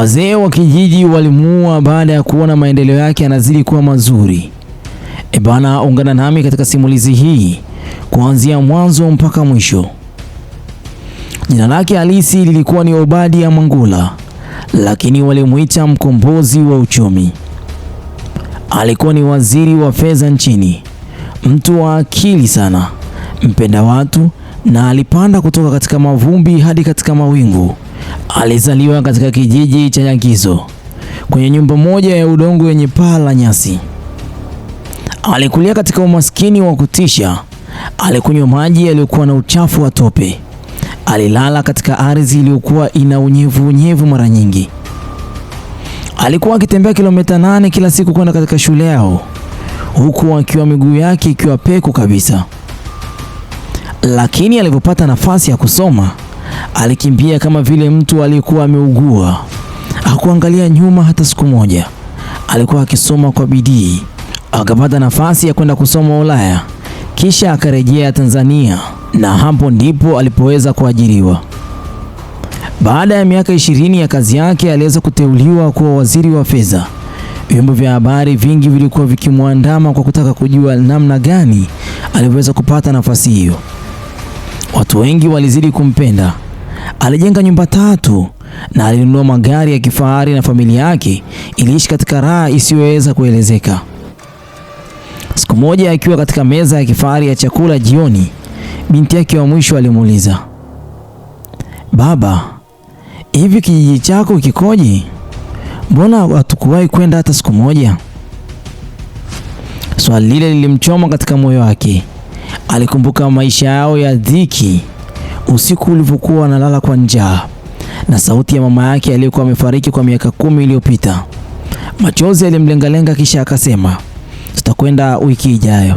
Wazee wa kijiji walimuua baada ya kuona maendeleo yake yanazidi kuwa mazuri. Ebana, ungana nami katika simulizi hii kuanzia mwanzo mpaka mwisho. Jina lake halisi lilikuwa ni Obadia Mangula, lakini walimuita mkombozi wa uchumi. Alikuwa ni waziri wa fedha nchini, mtu wa akili sana, mpenda watu, na alipanda kutoka katika mavumbi hadi katika mawingu. Alizaliwa katika kijiji cha Nyakizo kwenye nyumba moja ya udongo yenye paa la nyasi. Alikulia katika umaskini wa kutisha. Alikunywa maji yaliyokuwa na uchafu wa tope. Alilala katika ardhi iliyokuwa ina unyevu unyevu mara nyingi. Alikuwa akitembea kilomita nane kila siku kwenda katika shule yao, huku akiwa miguu yake ikiwa peku kabisa. Lakini alipopata nafasi ya kusoma Alikimbia kama vile mtu aliyekuwa ameugua. Hakuangalia nyuma hata siku moja. Alikuwa akisoma kwa bidii. Akapata nafasi ya kwenda kusoma Ulaya, kisha akarejea Tanzania, na hapo ndipo alipoweza kuajiriwa. Baada ya miaka ishirini ya kazi yake, aliweza kuteuliwa kuwa waziri wa fedha. Vyombo vya habari vingi vilikuwa vikimwandama kwa kutaka kujua namna gani alivyoweza kupata nafasi hiyo. Watu wengi walizidi kumpenda. Alijenga nyumba tatu na alinunua magari ya kifahari na familia yake iliishi katika raha isiyoweza kuelezeka. Siku moja akiwa katika meza ya kifahari ya chakula jioni, binti yake wa mwisho alimuuliza, "Baba, hivi kijiji chako kikoje? Mbona hatukuwahi kwenda hata siku moja?" Swali lile lilimchoma katika moyo wake. Alikumbuka maisha yao ya dhiki, usiku ulivyokuwa wanalala kwa njaa, na sauti ya mama yake aliyekuwa amefariki kwa miaka kumi iliyopita. Machozi alimlengalenga, kisha akasema, tutakwenda wiki ijayo.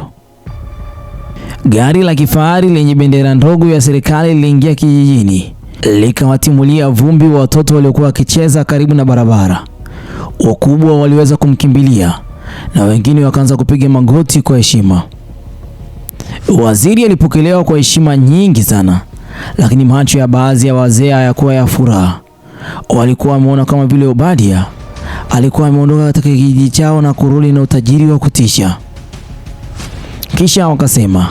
Gari la kifahari lenye bendera ndogo ya serikali liliingia kijijini, likawatimulia vumbi wa watoto waliokuwa wakicheza karibu na barabara. Wakubwa waliweza kumkimbilia na wengine wakaanza kupiga magoti kwa heshima. Waziri alipokelewa kwa heshima nyingi sana, lakini macho ya baadhi ya wazee hayakuwa ya furaha. Walikuwa wameona kama vile Obadia alikuwa ameondoka katika kijiji chao na kurudi na utajiri wa kutisha. Kisha wakasema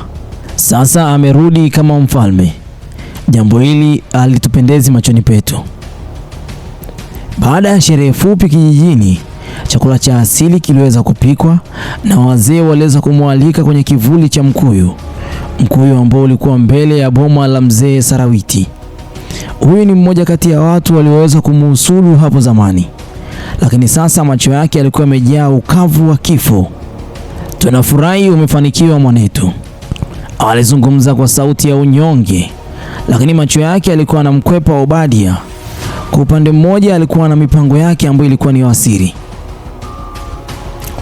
sasa amerudi kama mfalme. Jambo hili halitupendezi machoni petu. Baada ya sherehe fupi kijijini Chakula cha asili kiliweza kupikwa na wazee waliweza kumwalika kwenye kivuli cha mkuyu, mkuyu ambao ulikuwa mbele ya boma la mzee Sarawiti. Huyu ni mmoja kati ya watu walioweza kumuhusulu hapo zamani, lakini sasa macho yake yalikuwa yamejaa ukavu wa kifo. Tunafurahi umefanikiwa mwanetu, alizungumza kwa sauti ya unyonge, lakini macho yake yalikuwa na mkwepo wa Obadia. Kwa upande mmoja, alikuwa na mipango yake ambayo ilikuwa ni wasiri,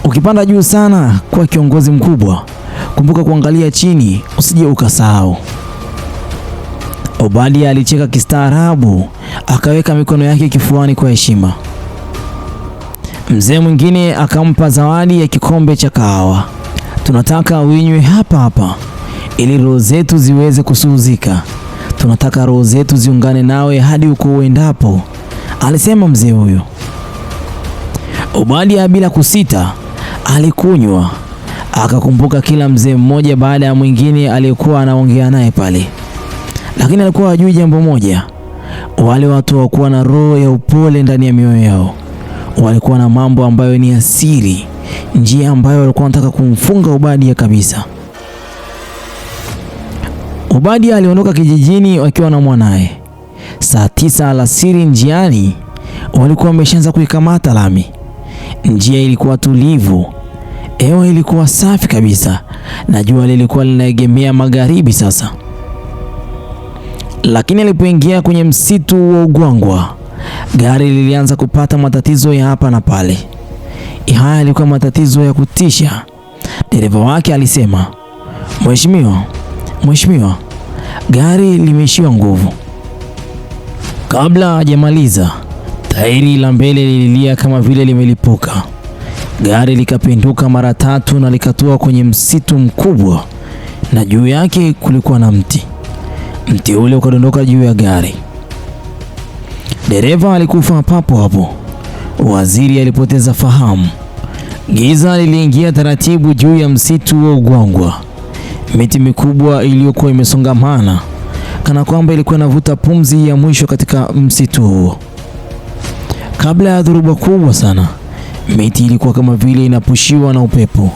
Ukipanda juu sana kwa kiongozi mkubwa, kumbuka kuangalia chini, usije ukasahau. Obadia alicheka kistaarabu, akaweka mikono yake kifuani kwa heshima. Mzee mwingine akampa zawadi ya kikombe cha kahawa. Tunataka uinywe hapa hapa ili roho zetu ziweze kusuhuzika. Tunataka roho zetu ziungane nawe hadi uko uendapo, alisema mzee huyo. Obadia bila kusita alikunywa akakumbuka kila mzee mmoja baada ya mwingine aliyekuwa anaongea naye pale, lakini alikuwa hajui jambo moja: wale watu hawakuwa na roho ya upole ndani ya mioyo yao. Walikuwa na mambo ambayo ni asiri, njia ambayo walikuwa wanataka kumfunga ubadia kabisa. ubadia aliondoka kijijini wakiwa na mwanaye. Saa tisa alasiri, njiani walikuwa wameshaanza kuikamata lami. Njia ilikuwa tulivu Hewa ilikuwa safi kabisa na jua lilikuwa linaegemea magharibi sasa, lakini alipoingia kwenye msitu wa Ugwangwa, gari lilianza kupata matatizo ya hapa na pale. Haya yalikuwa matatizo ya kutisha. Dereva wake alisema, Mheshimiwa, mheshimiwa, gari limeishiwa nguvu. Kabla hajamaliza, tairi la mbele lililia kama vile limelipuka. Gari likapinduka mara tatu na likatua kwenye msitu mkubwa, na juu yake kulikuwa na mti. Mti ule ukadondoka juu ya gari. Dereva alikufa papo hapo. Waziri alipoteza fahamu. Giza liliingia taratibu juu ya msitu wa Ugwangwa. Miti mikubwa iliyokuwa imesongamana kana kwamba ilikuwa inavuta pumzi ya mwisho katika msitu huo, kabla ya dhoruba kubwa sana Miti ilikuwa kama vile inapushiwa na upepo.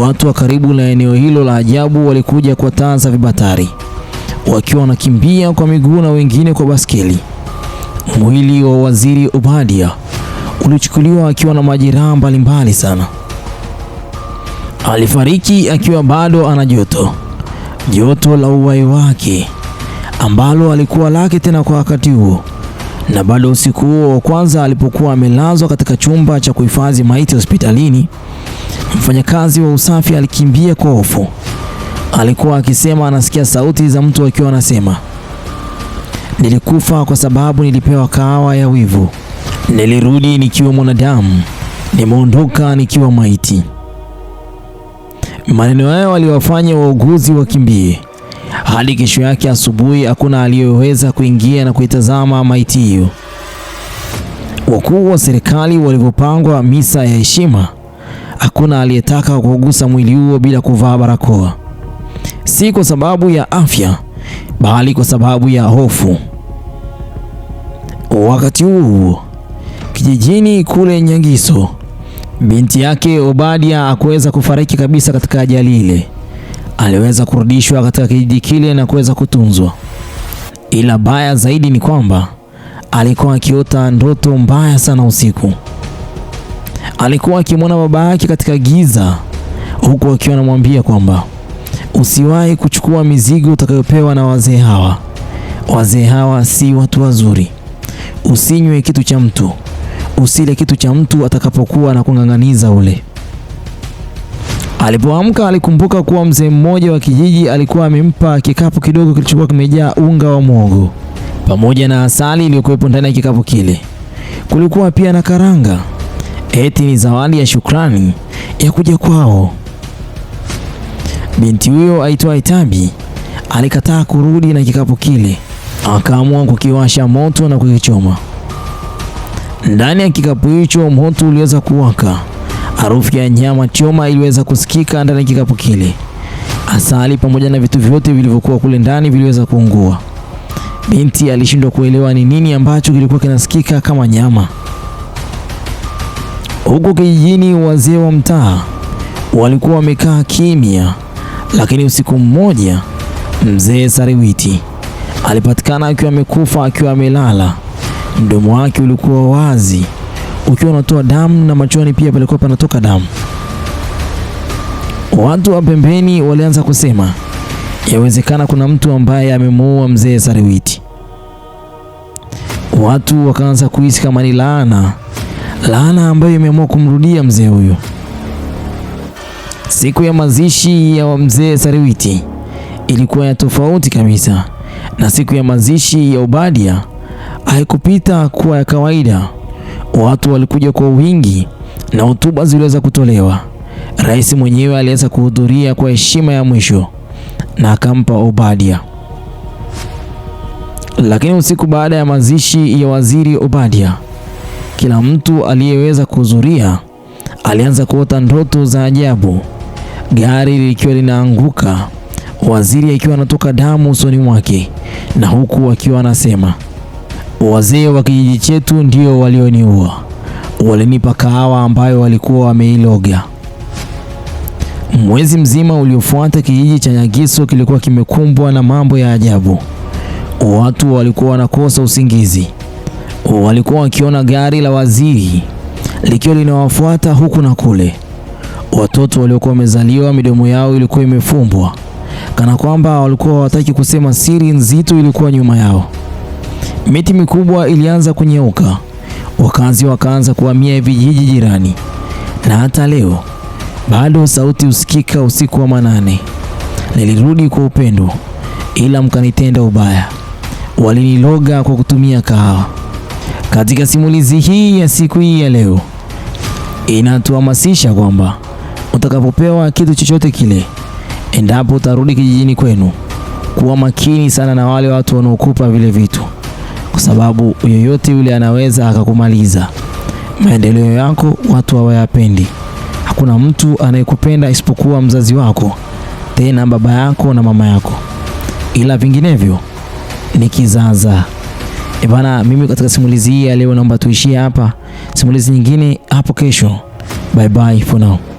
Watu wa karibu na eneo hilo la ajabu walikuja kwa taa za vibatari, wakiwa wanakimbia kwa miguu na wengine kwa baskeli. Mwili wa Waziri ubadia ulichukuliwa akiwa na majeraha mbalimbali sana. Alifariki akiwa bado ana joto, joto la uwai wake ambalo alikuwa lake tena kwa wakati huo na bado usiku huo wa kwanza alipokuwa amelazwa katika chumba cha kuhifadhi maiti hospitalini, mfanyakazi wa usafi alikimbia kwa hofu. Alikuwa akisema anasikia sauti za mtu akiwa anasema, nilikufa kwa sababu nilipewa kahawa ya wivu, nilirudi nikiwa mwanadamu, nimeondoka nikiwa maiti. Maneno hayo aliwafanya wauguzi wakimbie hadi kesho yake asubuhi hakuna aliyeweza kuingia na kuitazama maiti hiyo. Wakuu wa serikali walivyopangwa misa ya heshima, hakuna aliyetaka kugusa mwili huo bila kuvaa barakoa, si kwa sababu ya afya, bali kwa sababu ya hofu. Wakati huo huo, kijijini kule Nyangiso, binti yake Obadia hakuweza kufariki kabisa katika ajali ile aliweza kurudishwa katika kijiji kile na kuweza kutunzwa, ila baya zaidi ni kwamba alikuwa akiota ndoto mbaya sana usiku. Alikuwa akimwona baba yake katika giza, huku akiwa anamwambia kwamba usiwahi kuchukua mizigo utakayopewa na wazee hawa. Wazee hawa si watu wazuri. Usinywe kitu cha mtu, usile kitu cha mtu atakapokuwa na kung'ang'aniza ule. Alipoamka alikumbuka kuwa mzee mmoja wa kijiji alikuwa amempa kikapu kidogo kilichokuwa kimejaa unga wa mwogo pamoja na asali iliyokuwepo ndani ya kikapu kile. Kulikuwa pia na karanga, eti ni zawadi ya shukrani ya kuja kwao. Binti huyo aitwa Itabi alikataa kurudi na kikapu kile, akaamua kukiwasha moto na kukichoma. Ndani ya kikapu hicho moto uliweza kuwaka Harufu ya nyama choma iliweza kusikika ndani ya kikapu kile. Asali pamoja na vitu vyote vilivyokuwa kule ndani viliweza kuungua. Binti alishindwa kuelewa ni nini ambacho kilikuwa kinasikika kama nyama. Huko kijijini, wazee wa mtaa walikuwa wamekaa kimya, lakini usiku mmoja mzee Sariwiti alipatikana akiwa amekufa, akiwa amelala. Mdomo wake ulikuwa wazi ukiwa unatoa damu na machoni pia palikuwa panatoka damu. Watu wa pembeni walianza kusema, yawezekana kuna mtu ambaye amemuua mzee Sariwiti. Watu wakaanza kuhisi kama ni laana, laana ambayo imeamua kumrudia mzee huyo. Siku ya mazishi ya mzee Sariwiti ilikuwa ya tofauti kabisa na siku ya mazishi ya ubadia haikupita kuwa ya kawaida. Watu walikuja kwa wingi na hotuba ziliweza kutolewa. Rais mwenyewe aliweza kuhudhuria kwa heshima ya mwisho na akampa Obadia. Lakini usiku baada ya mazishi ya waziri Obadia, kila mtu aliyeweza kuhudhuria alianza kuota ndoto za ajabu, gari likiwa linaanguka, waziri akiwa anatoka damu usoni mwake, na huku akiwa anasema Wazee wa kijiji chetu ndio walioniua, walinipa kahawa ambayo walikuwa wameiloga. Mwezi mzima uliofuata, kijiji cha Nyagiso kilikuwa kimekumbwa na mambo ya ajabu. Watu walikuwa wanakosa usingizi, walikuwa wakiona gari la waziri likiwa linawafuata huku na kule. Watoto waliokuwa wamezaliwa, midomo yao ilikuwa imefumbwa, kana kwamba walikuwa hawataki kusema siri nzito ilikuwa nyuma yao miti mikubwa ilianza kunyeuka, wakazi wakaanza kuhamia vijiji jirani, na hata leo bado sauti husikika usiku wa manane. Nilirudi kwa upendo, ila mkanitenda ubaya, waliniloga kwa kutumia kahawa. Katika simulizi hii ya siku hii ya leo, inatuhamasisha kwamba utakapopewa kitu chochote kile, endapo utarudi kijijini kwenu, kuwa makini sana na wale watu wanaokupa vile vitu kwa sababu yoyote yule anaweza akakumaliza maendeleo yako. Watu hawayapendi, hakuna mtu anayekupenda isipokuwa mzazi wako, tena baba yako na mama yako, ila vinginevyo ni kizaza. E bana, mimi katika simulizi hii ya leo naomba tuishie hapa. Simulizi nyingine hapo kesho. Bye bye for now.